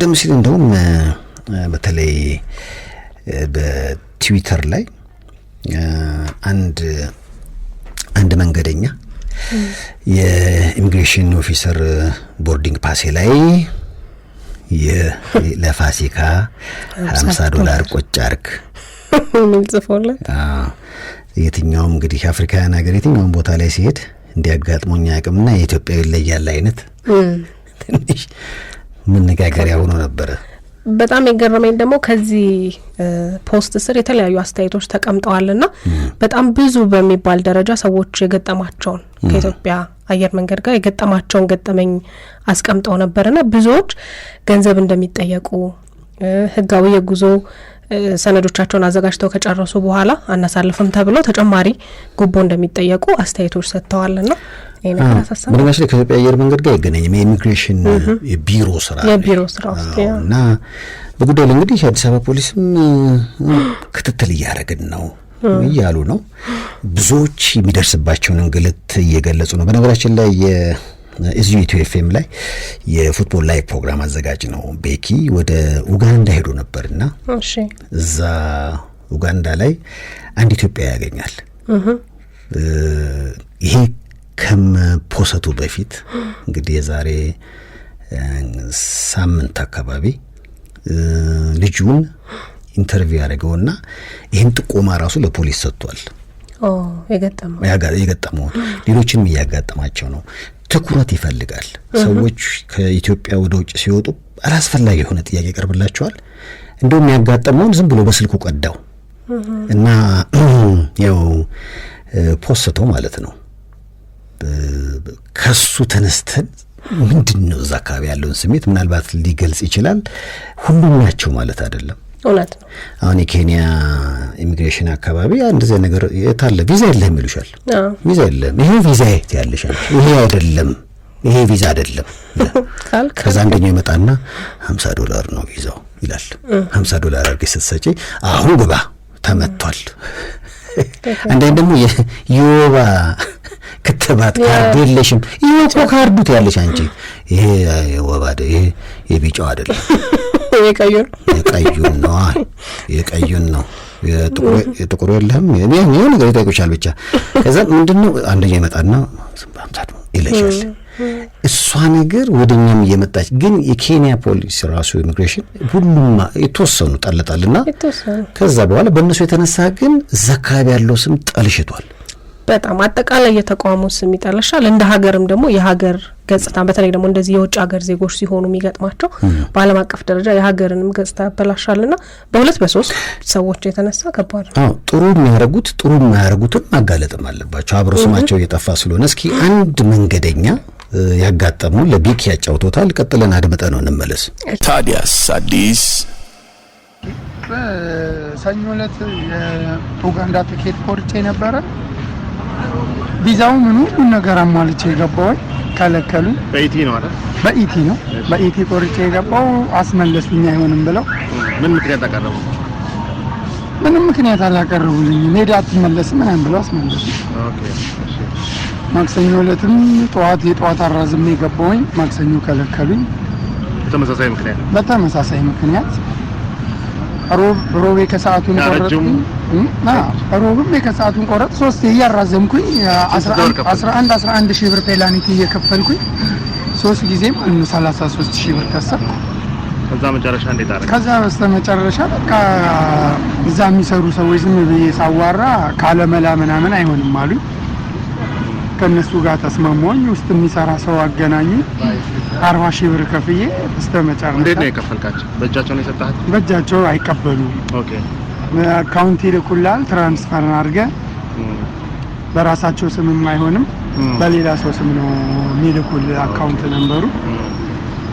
ቀደም ሲል እንደውም በተለይ በትዊተር ላይ አንድ አንድ መንገደኛ የኢሚግሬሽን ኦፊሰር ቦርዲንግ ፓሴ ላይ ለፋሲካ ሀምሳ ዶላር ቆጭ አርግ የትኛውም እንግዲህ አፍሪካውያን ሀገር የትኛውም ቦታ ላይ ሲሄድ እንዲያጋጥሞኛ አቅምና የኢትዮጵያዊ ይለያል አይነት ትንሽ መነጋገሪያ ሆኖ ነበረ። በጣም የገረመኝ ደግሞ ከዚህ ፖስት ስር የተለያዩ አስተያየቶች ተቀምጠዋልና በጣም ብዙ በሚባል ደረጃ ሰዎች የገጠማቸውን ከኢትዮጵያ አየር መንገድ ጋር የገጠማቸውን ገጠመኝ አስቀምጠው ነበርና ብዙዎች ገንዘብ እንደሚጠየቁ ህጋዊ የጉዞ ሰነዶቻቸውን አዘጋጅተው ከጨረሱ በኋላ አናሳልፍም ተብሎ ተጨማሪ ጉቦ እንደሚጠየቁ አስተያየቶች ሰጥተዋልና በነገራችን ላይ ከኢትዮጵያ አየር መንገድ ጋር አይገናኝም። የኢሚግሬሽን የቢሮ ስራ የቢሮ ስራ ውስጥ እና በጉዳዩ ላይ እንግዲህ የአዲስ አበባ ፖሊስም ክትትል እያደረግን ነው እያሉ ነው። ብዙዎች የሚደርስባቸውን እንግልት እየገለጹ ነው። በነገራችን ላይ እዚሁ ኢትዮ ኤፍኤም ላይ የፉትቦል ላይ ፕሮግራም አዘጋጅ ነው ቤኪ ወደ ኡጋንዳ ሄዶ ነበርና እዛ ኡጋንዳ ላይ አንድ ኢትዮጵያ ያገኛል። ይሄ ከመፖሰቱ በፊት እንግዲህ የዛሬ ሳምንት አካባቢ ልጁን ኢንተርቪው ያደረገውና ይህን ጥቆማ ራሱ ለፖሊስ ሰጥቷል። የገጠመው ሌሎችንም እያጋጠማቸው ነው። ትኩረት ይፈልጋል። ሰዎች ከኢትዮጵያ ወደ ውጭ ሲወጡ አላስፈላጊ የሆነ ጥያቄ ቀርብላቸዋል። እንደውም ያጋጠመውን ዝም ብሎ በስልኩ ቀዳው እና ያው ፖስተው ማለት ነው። ከሱ ተነስተን ምንድን ነው እዛ አካባቢ ያለውን ስሜት ምናልባት ሊገልጽ ይችላል። ሁሉም ናቸው ማለት አይደለም። እውነት ነው። አሁን የኬንያ ኢሚግሬሽን አካባቢ አንድ እንደዚያ ነገር የታለ ቪዛ የለህም ይሉሻል። ቪዛ የለህም፣ ይሄ ቪዛ የት ያለሽ፣ ይሄ አይደለም፣ ይሄ ቪዛ አይደለም። ከዛ አንደኛው ይመጣና ሀምሳ ዶላር ነው ቪዛው ይላል። ሀምሳ ዶላር አድርገሽ ስትሰጪ አሁን ግባ ተመቷል። አንዳንድ ደግሞ የወባ ክትባት ካርድ የለሽም። ይሄ እኮ ካርዱ ትያለሽ አንቺ። ይሄ ወባ ይሄ የቢጫው አይደለም የቀዩን የቀዩን ነው የቀዩን ነው የጥቁሩ የለህም። ይሄ ነገር ይጠይቁሻል ብቻ። ከዛ ምንድን ነው አንደኛ ይመጣና በአምሳት ይለሻል። እሷ ነገር ወደ እኛም እየመጣች ግን የኬንያ ፖሊስ ራሱ ኢሚግሬሽን ሁሉም የተወሰኑ ጠልጣልና ከዛ በኋላ በእነሱ የተነሳ ግን እዛ አካባቢ ያለው ስም ጠልሽቷል። በጣም አጠቃላይ የተቋሙ ስም ይጠለሻል። እንደ ሀገርም ደግሞ የሀገር ገጽታ በተለይ ደግሞ እንደዚህ የውጭ ሀገር ዜጎች ሲሆኑ የሚገጥማቸው በዓለም አቀፍ ደረጃ የሀገርንም ገጽታ ያበላሻል ና በሁለት በሶስት ሰዎች የተነሳ ከባድ ነው። ጥሩ የሚያደርጉት ጥሩ የማያደርጉትም ማጋለጥም አለባቸው። አብሮ ስማቸው እየጠፋ ስለሆነ እስኪ አንድ መንገደኛ ያጋጠሙ ለቢክ ያጫውቶታል። ቀጥለን አድምጠ ነው እንመለስ። ታዲያስ አዲስ በሰኞ ዕለት የኡጋንዳ ትኬት ቆርጬ ነበረ ቪዛው ምን ሁሉ ነገር አሟልቼ የገባው ከለከሉ። በኢቲ ነው አይደል? በኢቲ ነው። በኢቲ ቆርጬ የገባው አስመለስልኝ አይሆንም ብለው። ምን ምክንያት አቀረቡ? ምንም ምክንያት አላቀረቡልኝ። ሜዳ አትመለስም ምናምን ብለው አስመለሱ። ኦኬ። ማክሰኞ ዕለትም ጠዋት የጠዋት አራዝም የገባውኝ ማክሰኞ ከለከሉኝ። በተመሳሳይ ምክንያት በተመሳሳይ ምክንያት ሮቤ ከሰዓቱን ቆረጥኩኝ። ሮብም የከሰዓቱን ቆረጥ ሶስት እያራዘምኩኝ 11 11 ሺህ ብር ፔናልቲ እየከፈልኩኝ ሶስት ጊዜም ማለት ነው 33 ሺህ ብር ከሰርኩ። ከዛ መጨረሻ እንዴት አደረገ? ከዛ መጨረሻ በቃ እዛ የሚሰሩ ሰዎች ዝም ብዬ ሳዋራ ካለመላ ምናምን አይሆንም አሉኝ። ከነሱ ጋር ተስማማኝ። ውስጥ የሚሰራ ሰው አገናኙ። 40 ሺህ ብር ከፍዬ መጨረሻ። እንዴት ነው የከፈልካቸው? በእጃቸው ነው የሰጣቸው? በእጃቸው አይቀበሉም። ኦኬ አካውንት ይልኩላል። ትራንስፈር አድርገህ በራሳቸው ስምም አይሆንም፣ በሌላ ሰው ስም ነው የሚልኩል አካውንት ነንበሩ።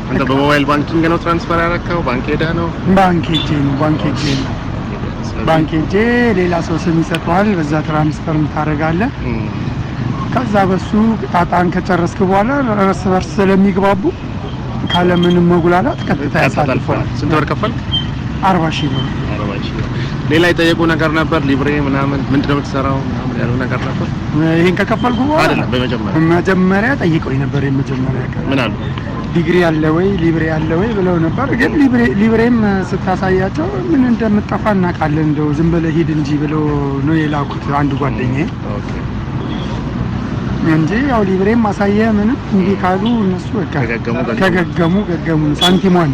አንተ በሞባይል ባንኪንግ ነው ትራንስፈር ያደረከው? ባንክ ሄዳ ነው? ባንክ ሄጄ ነው። ባንክ ሄጄ ነው። ባንክ ሄጄ ሌላ ሰው ስም ይሰጠዋል። በዛ ትራንስፈር ታደርጋለህ። ከዛ በሱ ጣጣን ከጨረስክ በኋላ እርስ በርስ ስለሚግባቡ ካለምንም መጉላላት ቀጥታ ያሳልፋል። ስንት ብር ከፈልክ? አርባ ሺህ ብር ሌላ የጠየቁ ነገር ነበር። ሊብሬ ምናምን ምንድን ነው የምትሰራው ምናምን ያሉ ነገር ነበር። ይሄን ከከፈልኩ አይደለም፣ በመጀመሪያ መጀመሪያ ጠይቀውኝ ነበር። የመጀመሪያ ቀን ምን አሉ? ዲግሪ አለ ወይ ሊብሬ አለ ወይ ብለው ነበር። ግን ሊብሬ ሊብሬም ስታሳያቸው ምን እንደምጠፋ እናውቃለን፣ እንደው ዝም ብለህ ሂድ እንጂ ብለው ነው የላኩት አንድ ጓደኛዬ እንጂ ያው ሊብሬም ማሳየ ምንም እንዲህ ካሉ እነሱ ከገገሙ ገገሙ ሳንቲሟን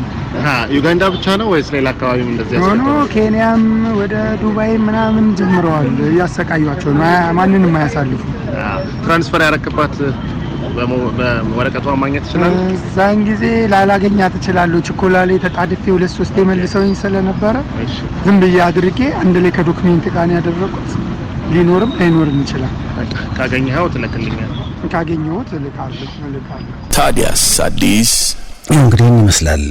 ዩጋንዳ ብቻ ነው ወይስ ሌላ አካባቢም እንደዚህ ሆኖ ኬንያም ወደ ዱባይ ምናምን ጀምረዋል። እያሰቃዩቸው ነው። ማንንም አያሳልፉ። ትራንስፈር ያረክባት በወረቀቷ ማግኘት ይችላል። እዛን ጊዜ ላላገኛ እችላለሁ። ችኮላ ላይ ተጣድፌ ሁለት ሶስት የመልሰውኝ ስለነበረ ዝም ብዬ አድርጌ አንድ ላይ ከዶክሜንት ጋር ነው ያደረኩት። ሊኖርም አይኖርም ይችላል። ካገኘኸው ትልክልኛለህ። ካገኘሁት እልካለሁ። ታዲያስ አዲስ ያው እንግዲህ ይመስላል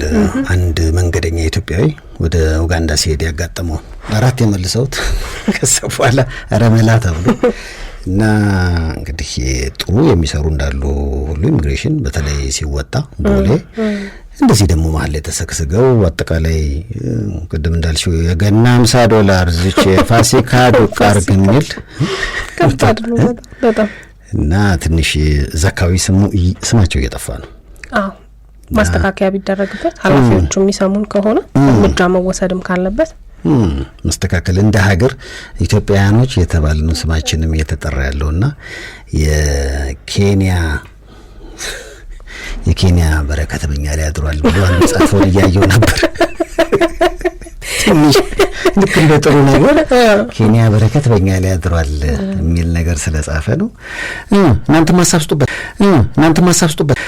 አንድ መንገደኛ ኢትዮጵያዊ ወደ ኡጋንዳ ሲሄድ ያጋጠመው አራት የመልሰውት ከዛ በኋላ ረመላ ተብሎ እና እንግዲህ ጥሩ የሚሰሩ እንዳሉ ሁሉ ኢሚግሬሽን በተለይ ሲወጣ ቦሌ እንደዚህ ደግሞ መሀል ላይ ተሰግስገው አጠቃላይ ቅድም እንዳልሽው የገና አምሳ ዶላር ዝች የፋሲካ ዱቅ አርግ የሚል እና ትንሽ ዘካዊ ስሙ ስማቸው እየጠፋ ነው። አዎ ማስተካከያ ቢደረግበት ኃላፊዎቹ የሚሰሙን ከሆነ እርምጃ መወሰድም ካለበት መስተካከል እንደ ሀገር ኢትዮጵያውያኖች የተባልነው ስማችንም እየተጠራ ያለውና የኬንያ የኬንያ በረከት በኛ ላይ አድሯል ብለዋል። መጽሐፎን እያየው ነበር። ትንሽ ልክ እንደ ጥሩ ነገር ኬንያ በረከት በኛ ላይ አድሯል የሚል ነገር ስለጻፈ ነው። እናንተ ማሳብስጡበት እናንተ ማሳብስጡበት